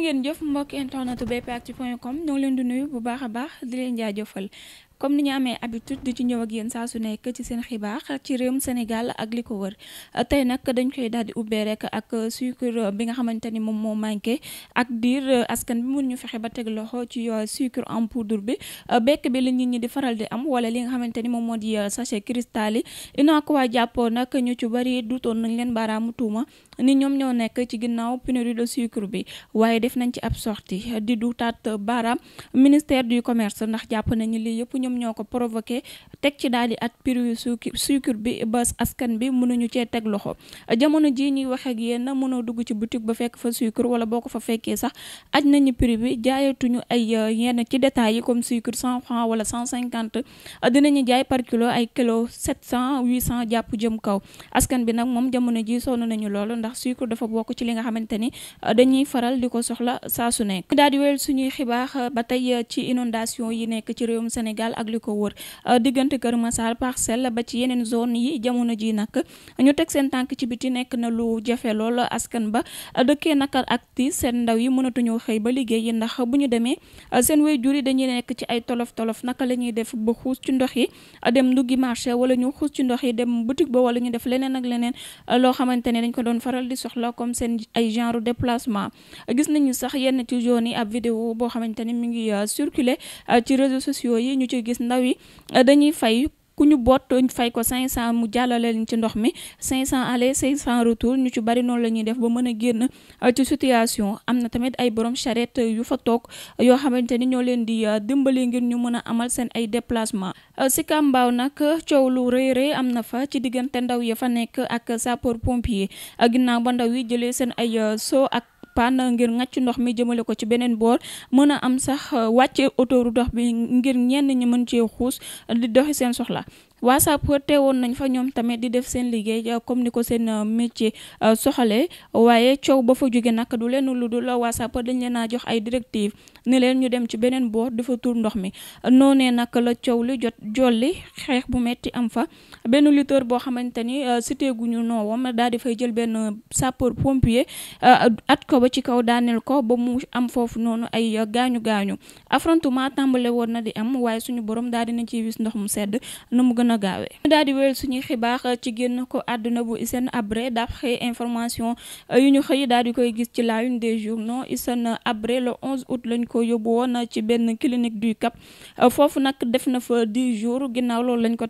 jërë ngeen jëf mbokk internetu bpactu point com ñoo ngi leen di nuyu bu baax a baax di leen jaajëfal comme ni ñu amee habitude di ci ñëw ak yéen saa su nekk ci seen xibaax ci réewum Sénégal ak li ko wër tey nag dañ koy daal di ubbee rek ak sucre bi nga xamante ni moom moo manqué ak diir askan bi mun ñu fexe ba teg loxo ci euh, sucre en poudre bi bekk bi la nit ñi di faral di am wala li nga xamante ni moom moo di euh, sachet cristal yi ina ko waa jàppoo nag ñu ci bari duutoon nañ leen baaraamu tuuma ni ñoom ñoo nekk ci ginnaaw pénurie de bi waaye def nañ ci ab sortie di duutaat baaraam ministère du commerce ndax jàpp nañu lii yëpp ñoom ñoo ko provoqué teg ci daal di at prix sucre bi ba askan bi mënuñu cee teg loxo jamono jii ñuy wax ak yéen mënoo dugg ci boutique ba fekk fa sucre wala boo ko fa fekkee sax aj nañu prix bi jaayatuñu ay euh, yenn ci détails yi comme sucre 100 francs wala 150 dinañu jaay par kilo ay kilo 700 800 jàpp jëm kaw askan bi nag moom jamono ji sonn nañu loolu ndax sucre dafa bokk ci li nga xamante ni euh, dañuy faral di ko soxla saa su nekk daal suñuy xibaar euh, ba tey ci inondation yi nekk ci réewum Sénégal ak li ko wër euh, diggante Kër Massar Parcelles ba ci yeneen zone yi jamono ji nag ñu teg seen tànk ci biti nekk na lu jafe lool askan ba euh, dëkkee nakar ak tiis seen ndaw yi mënatuñoo xëy ba liggéey ndax bu ñu demee euh, seen waajur yi dañuy nekk ci ay tolof tolof naka la ñuy def ba xuus ci ndox yi dem nduggi marché wala ñu xuus ci ndox yi dem boutique ba wala ñu def leneen ak leneen loo xamante ne dañ ko doon faral di soxla comme seen ay genre déplacement gis nañu yi ab vidéo boo xamante ne mi gis ndaw yi euh, dañuy fay ku ñu boot fay ko 500 mu jàllale leen ci ndox mi 500 aller 500 retour ñu ci bari noonu la ñuy def ba mën a génn euh, ci situation am na tamit ay boroom charrette yu fa toog yoo xamante ni ñoo leen di euh, dimbale ngir ñu mën a amal seen ay déplacement Sicap Mbao nag coow lu rëy rëy am na fa ci diggante ndaw ya fa nekk ak sapor pompier ginnaaw ba ndaw yi jëlee seen ay so ak. panne ngir ngàcc ndox mi jëmale ko ci beneen boor mën a am sax wàcce autoroute ndox bi ngir ñenn ñi mën cee xuus di doxi seen soxla waa te woon nañ fa ñoom tamit di def seen liggéey euh, comme ni ko seen euh, métier euh, soxale waaye coow ba fa jóge nag du lenn lu la waa sapeur dañ leen a jox ay directive ne leen ñu dem ci beneen boor dafa tuur ndox mi noonee nag la coow li jot jolli xeex bu metti am fa benn lutteur boo xamante ni cité gu ñu noowam daal di fay jël benn sapeur pompier at ko ba ci kaw daaneel ko ba mu am foofu noonu ay gaañu gaañu affrontement tàmbale woon na di am waaye suñu borom daal dina ci wis ndox mu sedd gën gaawee ñu daal di wéyal suñuy xibaar euh, ci génn ko àdduna bu Hissène Habré d'après information euh, yu ñu xëy daal di koy gis ci la une des journaux Hissène abre le 11 août lañ ko yóbbu woon ci benn clinique du Cap euh, foofu nag def na fa 10 jours ginnaaw loolu lañ ko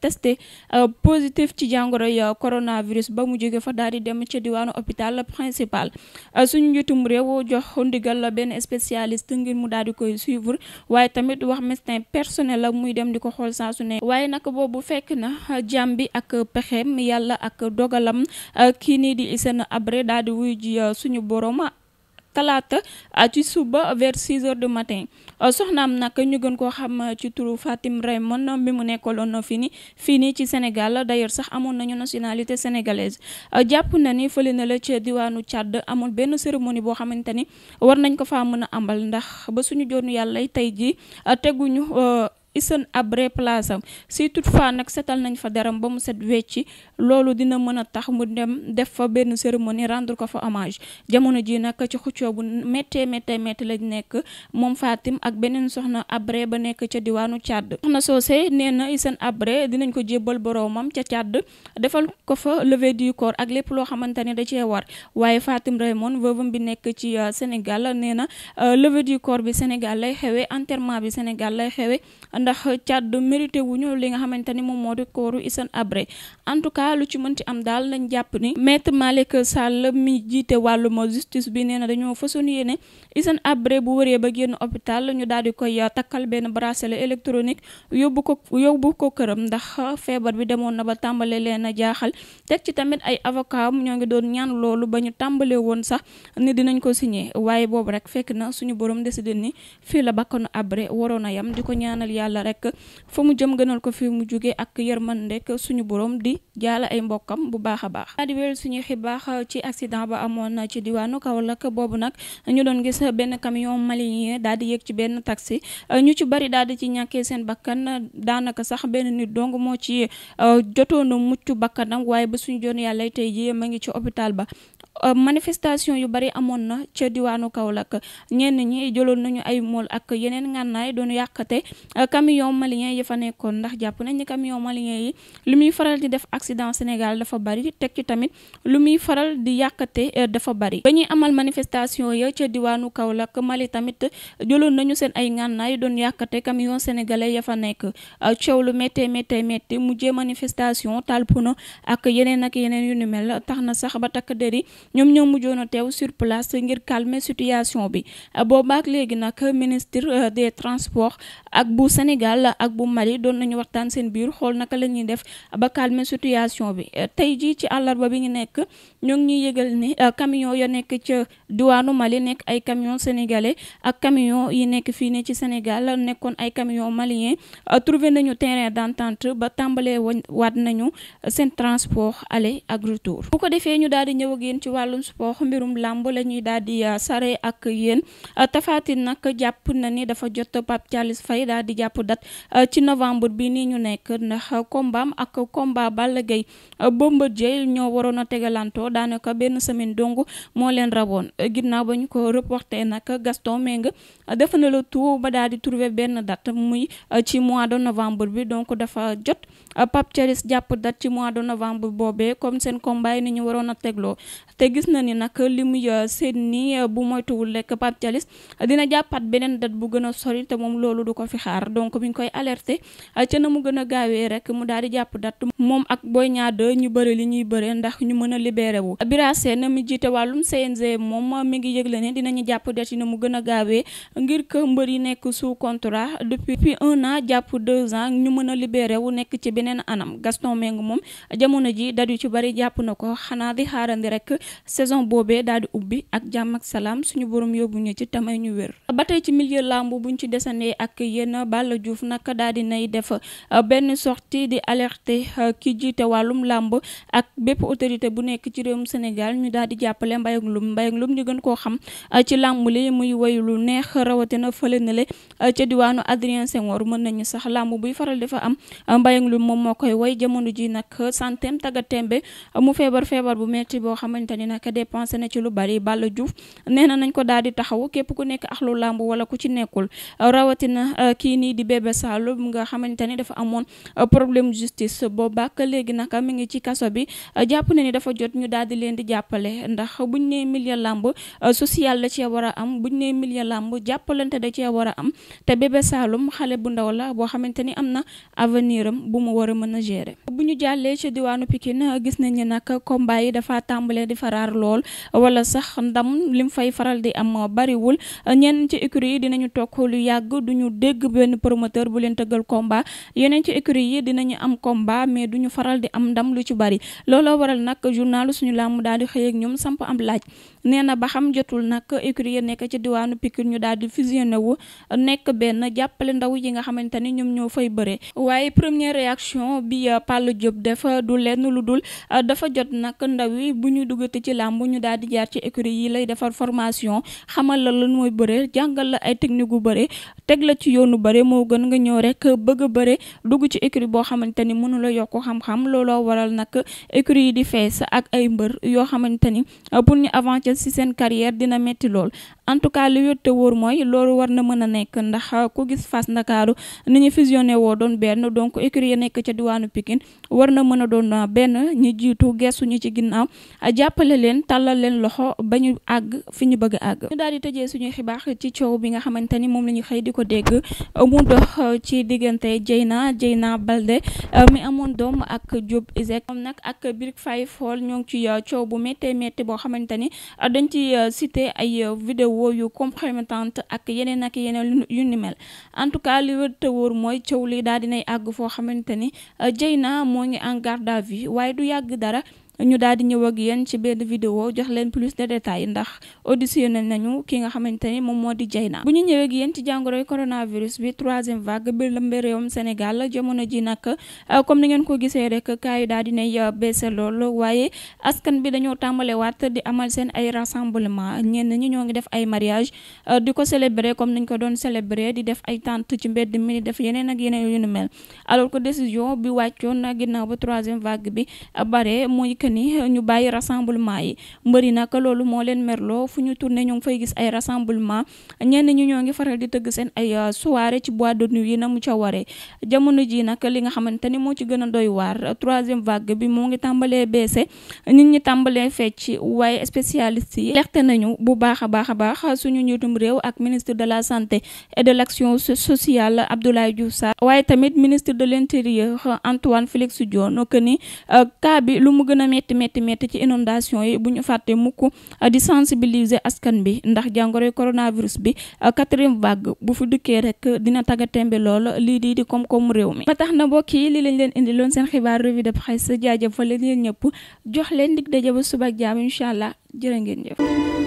testé euh, positif ci jàngoro ya euh, coronavirus ba mu jóge fa daal di dem ca diwaanu hôpital principal euh, suñu njiitum réew jox ndigal la benn spécialiste ngir mu daal di koy suivre waaye tamit wax médecin personnel la muy dem di ko xool saa su waaye nag boobu fekk na jàmm bi ak pexem yàlla ak dogalam kii nii di Hissène Habré daal di wuy ji suñu borom talaata ci suba vers 6 heures du matin Euh, soxnaam nag ñu gën koo xam euh, ci turu Fatim Raymond mi mu nekkaloon fii nii fii nii ci Sénégal d'ailleurs sax amoon nañu nationalité sénégalaise euh, jàpp na ni fële na la ca diwaanu Tchad amul benn cérémonie boo xamante ni war nañ ko fa mën a ambal ndax ba suñu joonu yàlla tey jii teguñu isan abré place am si toutefois nag setal nañ fa deram ba mu set wecci loolu dina mën a tax mu dem def fa benn cérémonie rendre ko fa hommage jamono ji nag ci xuccoo bu méttee méttee métti lañ nekk moom Fatim ak beneen soxna abre ba nekk ca diwaanu Tchad soxna soose nee na seen abré dinañ ko jébbal boroomam ca Tchad defal ko fa levée du corps ak lépp loo xamante ne da cee war waaye Fatim Raymond veuve bi nekk ci euh, Sénégal nee na euh, levée du corps bi Sénégal lay xewee enterrement bi Sénégal lay ndax Tchad mérité wu ñu li nga xamante ni moom moo di kooru Hissène Habré en tout cas lu ci mënti am daal nañ jàpp ni maître Malick Sall mi jiite wàllum justice bi nee na dañoo fasoon yéene Hissène Habré bu wëree ba génn hôpital ñu daal di koy takkal benn bracelet électronique yóbbu ko yóbbu ko këram ndax feebar bi demoon na ba tàmbalee leen a jaaxal teg ci tamit ay avocat ñoo ngi doon ñaan loolu ba ñu tàmbale woon sax ni dinañ ko signé waaye boobu rek fekk na suñu borom ni la rek fa mu jëm gënal ko fi mu jóge ak yërmande rek suñu borom di jaala ay mbokkam bu baax a baax daa di wéyal suñuy xibaar ci accident ba amoon na ci diwaanu kaw Kaolack boobu nag ñu doon gis benn camion malien daal di yëg ci benn taxi ñu ci bari daal di ci ñàkkee seen bakkan daanaka sax benn nit dong moo ci jotoon mucc bakkanam waaye ba suñu joon yàlla tey ji ma ngi ci hôpital ba Euh, manifestation yu bari amoon na ca diwaanu Kaolack ñenn ñi jëloon nañu ay mool ak yeneen ngànnaay doon yàqate euh, camion malien yi fa nekkoon ndax nañ ni camion malien yi lu muy faral di def accident Sénégal dafa bari teg ci tamit lu muy faral di yàqate euh, dafa bari ba ñuy amal manifestation ya ca diwaanu Kaolack Mali tamit jëloon nañu seen ay ngànnaay doon yàqate camion sénégalais ya fa nekk coow lu méttee méttee métti mujjee manifestation talpuna ak yeneen ak yeneen yu nu mel tax na sax ba takk deri ñoom ñoo mujjoon a teew sur place ngir calmer situation bi boobaak léegi nag ministre euh, des transport ak bu Sénégal ak bu Mali doon nañu waxtaan seen biir xool naka la ñuy def ba calmer situation bi euh, tey jii ci àllarba bi ñu nekk ñoo ngi ñuy yëgal ni euh, camion ya nekk ca diwaanu Mali nekk ay camion sénégalais ak camion yi nekk fii ne ci Sénégal nekkoon ay camion malien trouvé nañu terrain d'entente ba tàmbalee waat nañu seen transport ale ak bu ko defee ci wàllum sport mbirum làmb la ñuy daal di euh, sare ak yéen euh, tafaatin nag jàpp na ni dafa jot Pape Thialis Faye daal di jàpp date euh, ci novembre bi nii ñu nekk ndax kombaam ak komba Balla Gaye Bombardier ñoo waroon a tegalantoo daanaka benn semaine dong moo leen rawoon ginnaaw ba ñu ko reporté nag Gaston Mbengue def na le tout ba daal di trouver benn dat muy ci mois de novembre bi donc dafa jot Euh, Pape Thialis jàpp date ci mois de novembre boobee comme seen combat yi ni ñu waroon a tegloo te gis na ni nag li muy euh, seet ni euh, bu moytuwul lekk Pape Thialis dina jàppat beneen date bu gën a sori te moom loolu du ko fi xaar donc mi ngi koy alerter ca na mu gën a gaawee rek mu daal di jàpp date moom ak Boy Niang ñu bëri li ñuy bëree ndax ñu mën a libéré wu. Bira Sène mi jiite wàllum CNG moom mi ngi yëgle ne ñu jàpp date yi na mu gën a gaawee ngir que mbër yi nekk sous contrat depuis un an jàpp deux ans ñu mën a libéré wu nekk ci beneen beneen anam Gaston Mbengue moom jamono ji dadu ci bari jàpp na ko xanaa di xaarandi rek saison boobee daal di ubbi ak jàmm ak salaam suñu borom yóbbu ñu ci tamay ñu wér. ba tey ci milieu làmb buñ ci desandee ak yenn Balla Diouf nag daal di nay def uh, benn sortie di alerter uh, ki jiite wàllum làmb ak bépp autorité bu nekk ci réewum Sénégal ñu daal di jàppale Mbayang Loum Mbayang Loum ñu gën koo xam uh, ci làmb li muy woy lu neex rawatina fële le ca diwaanu Adrien Senghor mën nañu sax làmb buy faral dafa am Mbayang moom moo koy woy jamono ji nag santem taga tembe mu feebar feebar bu metti boo xamante ni nag dépensé na ci lu bari Balla Diouf nee na nañ ko daal di taxaw képp ku nekk axlu làmb wala ku ci nekkul rawatina euh, kii nii di Bébé Saloum nga xamante ni dafa amoon euh, problème justice booba ak léegi nag mu ngi ci kaso bi euh, jàpp na ni dafa jot ñu daal di leen di jàppale ndax buñ nee milieu làmb social la cee war a am buñ nee milieu làmb jàppalante da cee war am te Bébé Saloum xale bu ndaw la boo xamante am na avenir bu mu war a mën bu ñu jàllee ci diwaanu Pikine gis nañ ne nag combat yi dafa tàmbalee di faraar lool wala sax ndam lim fay faral di am bariwul ñenn ci écurie yi dinañu toog lu yàgg duñu dégg benn promoteur bu leen tëggal combat yeneen ci écurie yi dinañu am combat mais du ñu faral di am ndam lu ci bari looloo waral nag journalu suñu làmb daal di xëy ñoom samp am laaj nee na ba xam jotul nag écurie nekk ci diwaanu Pikine ñu daal di fusionné wu nekk benn jàppale ndaw yi nga xamante ni ñoom ñoo fay bëree waaye première réaction action bi euh, pal Diop dafa euh, du lenn lu dul euh, dafa jot nag ndaw yi bu ñu duggati ci làmb ñu daal di jaar ci écurie yi lay defar formation xamal la lan mooy bëre jàngal la ay technique gu bëre teg la ci yoonu bëre moo gën nga ñëw rek bëgg a bëre dugg ci écurie boo xamante ni mënu la yokk xam-xam looloo waral nag écurie yi di fees ak ay mbër yoo xamante ni pour ñu avancer ci seen carrière dina metti lool en tout cas li te wóor mooy loolu war na mën a nekk ndax ku gis fas Ndakaaru ni ñu fusionné woo doon benn donc écurie nekk ca diwaanu Pikine war na mën a doon ah, benn ñu jiitu gestu ñu ci ginnaaw ah, jàppale leen tàllal leen loxo ba ñu àgg fi ñu bëgg àgg. ñu daal di tëjee suñuy xibaax ci coow bi nga xamante ni moom la ñu xëy di ko dégg ah, mu dox ci diggante naa Dieyna naa Baldé mi amoon doom ak Diop Iseg nag ak Birk Faye Fall ñoo ngi ci coow bu méttee métti boo xamante ni dañ ci cité ay vidéo yu compromettante ak yeneen ak yeneen yu ni mel en tout cas li wër mooy coow li daal dinay àgg foo xamante ni Dieyna moo ngi en fi à vue waaye du yàgg dara ñu daal di ñëw ak yéen ci benn vidéo jox leen plus de détails ndax auditionné nañu ki nga xamante ni moom moo di na bu ñu ñëwee ak yéen ci jàngoroy coronavirus bi troisième vague bi lëmbe réewum Sénégal jamono ji nag euh, comme ni ngeen ko gisee rek kaa yi daal di nay euh, baissé lool waaye askan bi dañoo tàmbalewaat di amal seen ay rassemblement ñenn ñi ñoo ngi def ay mariage euh, di ko célébrer comme niñ ko doon célébrer di def ay tente ci mbedd mi di def yeneen ak yeneen yu nu mel alors que décision bi wàccoon ginnaaw ba troisième vague bi ni ñu bàyyi rassemblement yi mbëri nag loolu moo leen merloo fu ñu tourné ñu ngi fay gis ay rassemblement ñenn ñi ñoo ngi faral di tëgg seen ay euh, soirée ci boîte de nuit yi na mu ca waree jamono ji nag li nga xamante ni moo ci gën a doy waar troisième vague bi moo ngi tàmbalee baissé nit ñi tàmbalee fecc waaye spécialistes yi lexte nañu bu baax a baax a baax suñu njiitum réew ak ministre de la santé et de l'action sociale Abdoulaye Diouf Sarr waaye tamit ministre de l'intérieur Antoine Félix Diome que ni euh, métti métti métti ci inondation yi bu ñu fàtte mukk di sensibiliser askan bi ndax jàngoroy coronavirus bi quatrième vague bu fi dukkee rek dina tagga tembe lool lii di di koom-koomu réew mi ba tax na mbokk yi li lañ leen indi loon seen xibaar revue de presse jaajëfal leen ñëpp jox leen dig daje ba suba ak jaam incha allah jërë ngeen jëf